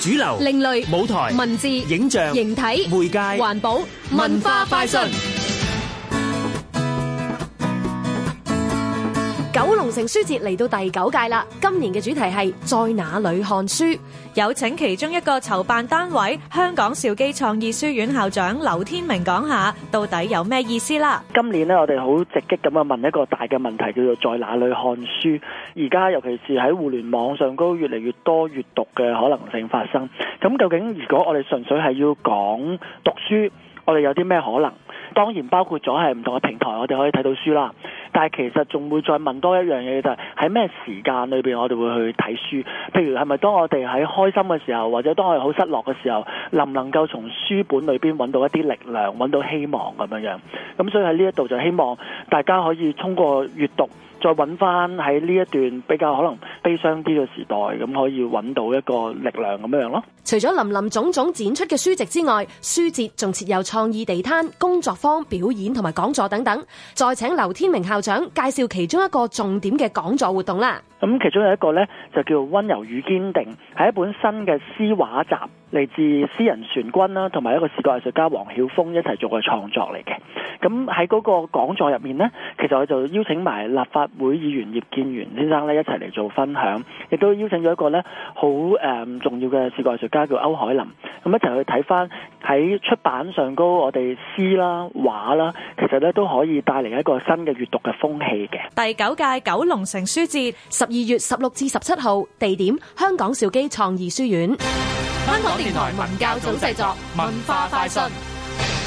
主流、另類、舞台、文字、影像、形體、媒介、環保、文化快訊。九龍城書節嚟到第九屆啦，今年嘅主題係在哪裏看書？有請其中一個籌辦單位香港兆基創意書院校長劉天明講下到底有咩意思啦？今年咧，我哋好直擊咁樣，問一個大嘅問題，叫做在哪裏看書？而家尤其是喺互聯網上高越嚟越多閱讀嘅可能性發生，咁究竟如果我哋純粹係要講讀書，我哋有啲咩可能？當然包括咗係唔同嘅平台，我哋可以睇到書啦。但係其實仲會再問多一樣嘢，就係喺咩時間裏邊我哋會去睇書？譬如係咪當我哋喺開心嘅時候，或者當我哋好失落嘅時候，能唔能夠從書本裏邊揾到一啲力量、揾到希望咁樣樣？咁所以喺呢一度就希望大家可以通過閱讀，再揾返喺呢一段比較可能，悲傷啲嘅時代，咁可以揾到一個力量咁樣樣咯。除咗林林總總展出嘅書籍之外，書節仲設有創意地攤、工作坊、表演同埋講座等等。再請劉天明校長介紹其中一個重點嘅講座活動啦。咁其中有一個咧，就叫做《溫柔與堅定》，係一本新嘅詩畫集，嚟自詩人船君啦，同埋一個視覺藝術家黃曉峰一齊做嘅創作嚟嘅。咁喺嗰個講座入面咧，其實我就邀請埋立法會議員葉建源先生咧一齊嚟做分享，亦都邀請咗一個咧好誒重要嘅視覺藝術家叫歐海林。咁一齊去睇翻喺出版上高，我哋詩啦、畫啦，其實咧都可以帶嚟一個新嘅閱讀嘅風氣嘅。第九屆九龍城書節，十二月十六至十七號，地點香港兆基創意書院。香港電台文教組製作，文化快訊。